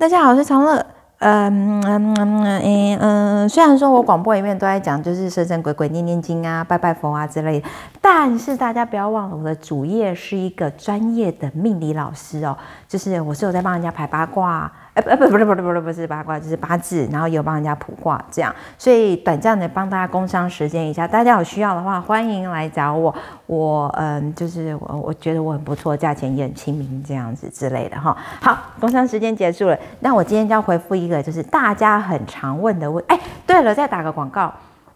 大家好，我是常樂。嗯嗯嗯，嗯，嗯，雖然說我廣播裡面都在講，就是神神鬼鬼念念經啊、拜拜佛啊之類的，但是大家不要忘了，我的主業是一個專業的命理老師哦。就是我是有在幫人家排八卦、啊，哎、欸、不不是不是不不，不是八卦，就是八字，然後也有幫人家卜卦這樣，所以短暫的幫大家工商時間一下，大家有需要的話歡迎來找我，我嗯就是我我覺得我很不錯，價錢也很親民這樣子之類的哈。好，工商時間結束了，那我今天就要回復一個就是大家很常問的問，哎對了，再打個廣告，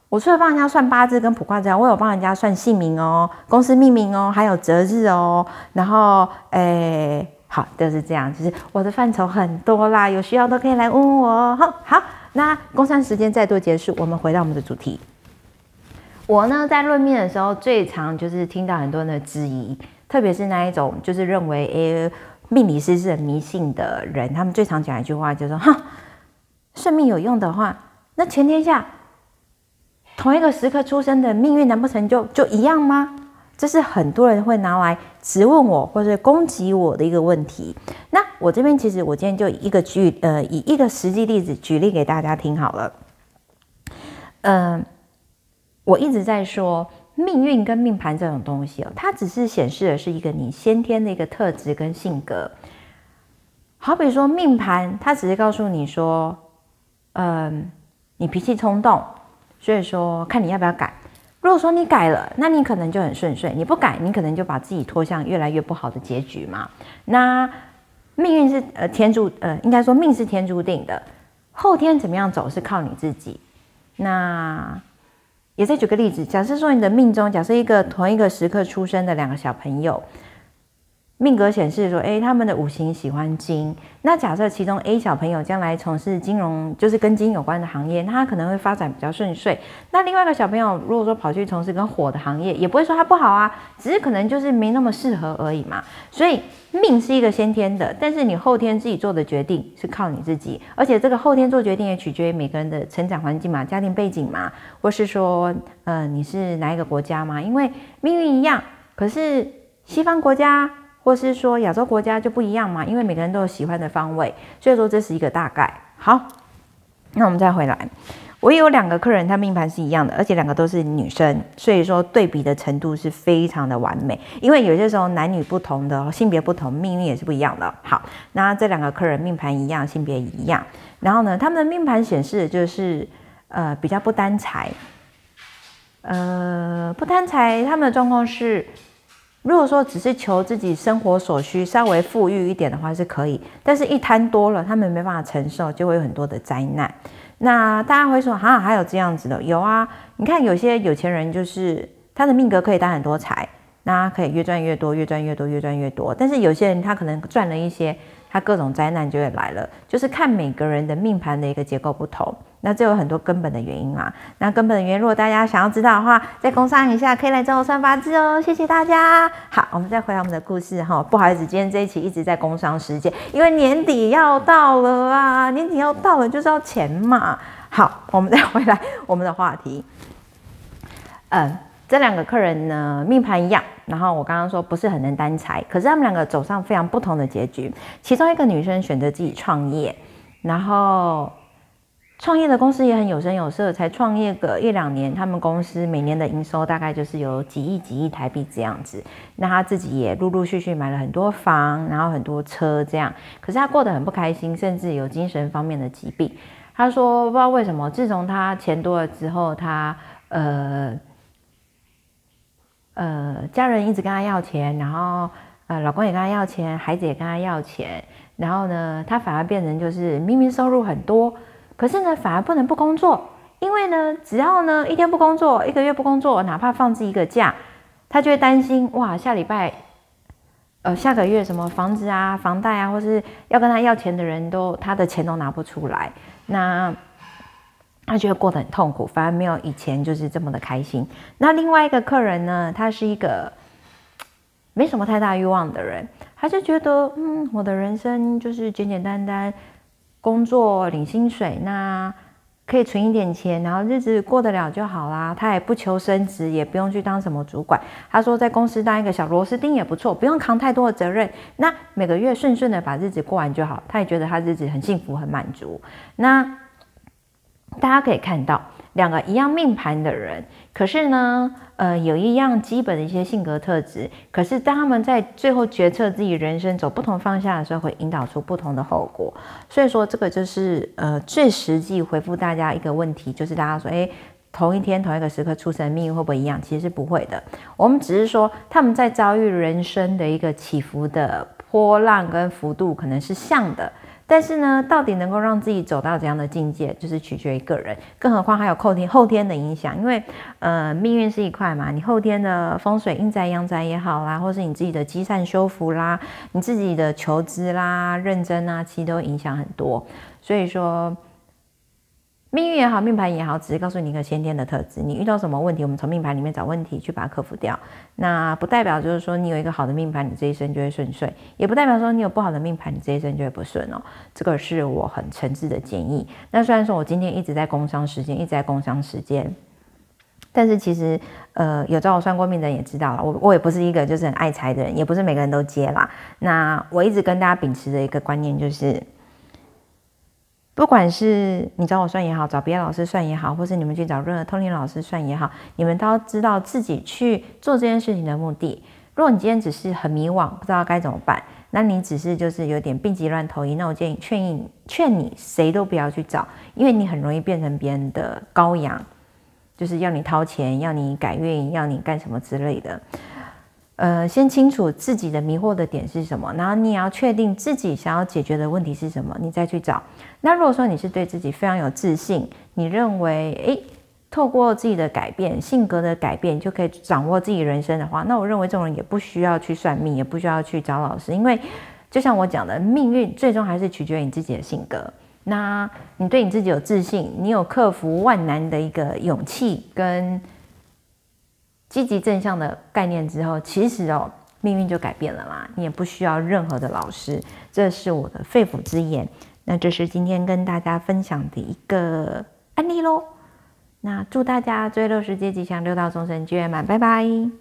我除了幫人家算八字跟卜卦之外，我有幫人家算姓名哦，公司命名哦，還有擇日哦，然後哎。好，就是這樣。就是我的範疇很多啦，有需要都可以來問我。我。好，那工商時間再度結束，我們回到我們的主題。我呢在論命的時候，最常就是聽到很多人的質疑，特別是那一種就是認為，誒，命理師是很迷信的人。他們最常講一句話，就是說，哼，算命有用的話，那全天下同一個時刻出生的命運，難不成就就一樣嗎？這是很多人會拿來質問我，或者攻擊我的一個問題。那我這邊其實，我今天就以一個舉，呃，以一個實際例子舉例給大家聽好了。嗯，我一直在說命運跟命盤這種東西哦，它只是顯示的是一個你先天的一個特質跟性格。好比說命盤，它只是告訴你說，嗯，你脾氣衝動，所以說看你要不要改。如果說你改了，那你可能就很順遂；你不改，你可能就把自己拖向越來越不好的結局嘛。那命運是呃天注呃，應該說命是天注定的，後天怎麼樣走是靠你自己。那也再舉個例子，假設說你的命中，假設一個同一個時刻出生的兩個小朋友。命格顯示說，誒、欸，他們的五行喜歡金。那假設其中 A 小朋友將來從事金融，就是跟金有關的行業，那他可能會發展比較順遂。那另外一個小朋友，如果說跑去從事跟火的行業，也不會說他不好啊，只是可能就是沒那麼適合而已嘛。所以命是一個先天的，但是你後天自己做的決定是靠你自己，而且這個後天做決定也取決於每個人的成長環境嘛、家庭背景嘛，或是說，嗯、呃，你是哪一個國家嘛？因為命運一樣，可是西方國家。或是說亞洲國家就不一樣嘛，因為每個人都有喜歡的方位，所以說這是一個大概。好，那我們再回來，我也有兩個客人，他命盤是一樣的，而且兩個都是女生，所以說對比的程度是非常的完美。因為有些時候男女不同的性別不同，命運也是不一樣的。好，那這兩個客人命盤一樣，性別一樣，然後呢，他們的命盤顯示的就是呃比較不貪財，呃不貪財，他們的狀況是。如果說只是求自己生活所需，稍微富裕一點的話是可以，但是一貪多了，他們沒辦法承受，就會有很多的災難。那大家會說，哈，還有這樣子的？有啊，你看有些有錢人，就是他的命格可以當很多財，那他可以越賺越多，越賺越多，越賺越多。但是有些人他可能賺了一些。它各種災難就會來了，就是看每個人的命盤的一個結構不同，那這有很多根本的原因嘛、啊。那根本的原因，如果大家想要知道的話，再工商一下，可以來找我算八字哦。謝謝大家。好，我們再回來我們的故事哈。不好意思，今天這一期一直在工商時間，因為年底要到了啊，年底要到了就是要錢嘛。好，我們再回來我們的話題。嗯，這兩個客人呢，命盤一樣。然後我剛剛說不是很能擔財，可是他們兩個走上非常不同的結局。其中一個女生選擇自己創業，然後創業的公司也很有聲有色，才創業個一兩年，他們公司每年的營收大概就是有幾億幾億台幣這樣子。那她自己也陸陸續續買了很多房，然後很多車這樣。可是她過得很不開心，甚至有精神方面的疾病。她說不知道為什麼，自從她錢多了之後，她呃。呃，家人一直跟他要錢，然後呃，老公也跟他要錢，孩子也跟他要錢，然後呢，他反而變成就是明明收入很多，可是呢，反而不能不工作，因為呢，只要呢一天不工作，一個月不工作，哪怕放置一個假，他就會擔心哇，下禮拜，呃，下個月什麼房子啊、房貸啊，或是要跟他要錢的人都他的錢都拿不出來，那。他覺得過得很痛苦，反而沒有以前就是這麼的開心。那另外一個客人呢？他是一個沒什麼太大慾望的人，他就覺得嗯，我的人生就是簡簡單單，工作領薪水，那可以存一點錢，然後日子過得了就好啦。他也不求升職，也不用去當什麼主管。他說在公司當一個小螺絲釘也不錯，不用扛太多的責任。那每個月順順的把日子過完就好。他也覺得他日子很幸福，很滿足。那。大家可以看到，兩個一樣命盤的人，可是呢，呃，有一樣基本的一些性格特質。可是當他們在最後決策自己人生走不同方向的時候，會引導出不同的後果。所以說，這個就是呃最實際回覆大家一個問題，就是大家說，誒，同一天同一個時刻出生，命運會不會一樣？其實是不會的。我們只是說，他們在遭遇人生的一個起伏的波浪跟幅度，可能是像的。但是呢，到底能夠讓自己走到怎樣的境界，就是取決於個人，更何況還有後天後天的影響。因為，呃，命運是一塊嘛，你後天的風水、陰宅、陽宅也好啦，或是你自己的積善修福啦，你自己的求知啦、認真啊，其實都影響很多。所以說。命運也好，命盤也好，只是告訴你一個先天的特質。你遇到什麼問題，我們從命盤裡面找問題去把它克服掉。那不代表就是說你有一個好的命盤，你這一生就會順遂；也不代表說你有不好的命盤，你這一生就會不順哦。這個是我很誠摯的建議。那雖然說我今天一直在工商時間，一直在工商時間，但是其實，呃，有找我算過命的人也知道了，我我也不是一個就是很愛財的人，也不是每個人都接啦。那我一直跟大家秉持的一個觀念就是。不管是你找我算也好，找別的老師算也好，或是你們去找任何通靈老師算也好，你們都要知道自己去做這件事情的目的。如果你今天只是很迷惘，不知道該怎麼辦，那你只是就是有點病急亂投醫。那我建議，勸你，勸你，誰都不要去找，因為你很容易變成別人的羔羊，就是要你掏錢，要你改運，要你幹什麼之類的。呃，先清楚自己的迷惑的點是什麼，然後你也要確定自己想要解決的問題是什麼，你再去找。那如果說你是對自己非常有自信，你認為誒，透過自己的改變、性格的改變就可以掌握自己人生的話，那我認為這種人也不需要去算命，也不需要去找老師，因為就像我講的，命運最終還是取決於你自己的性格。那你對你自己有自信，你有克服萬難的一個勇氣跟。積極正向的概念之後，其實哦，命運就改變了嘛。你也不需要任何的老師，這是我的肺腑之言。那這是今天跟大家分享的一個案例嘍。那祝大家追六時吉祥，六道眾生皆圓滿，拜拜。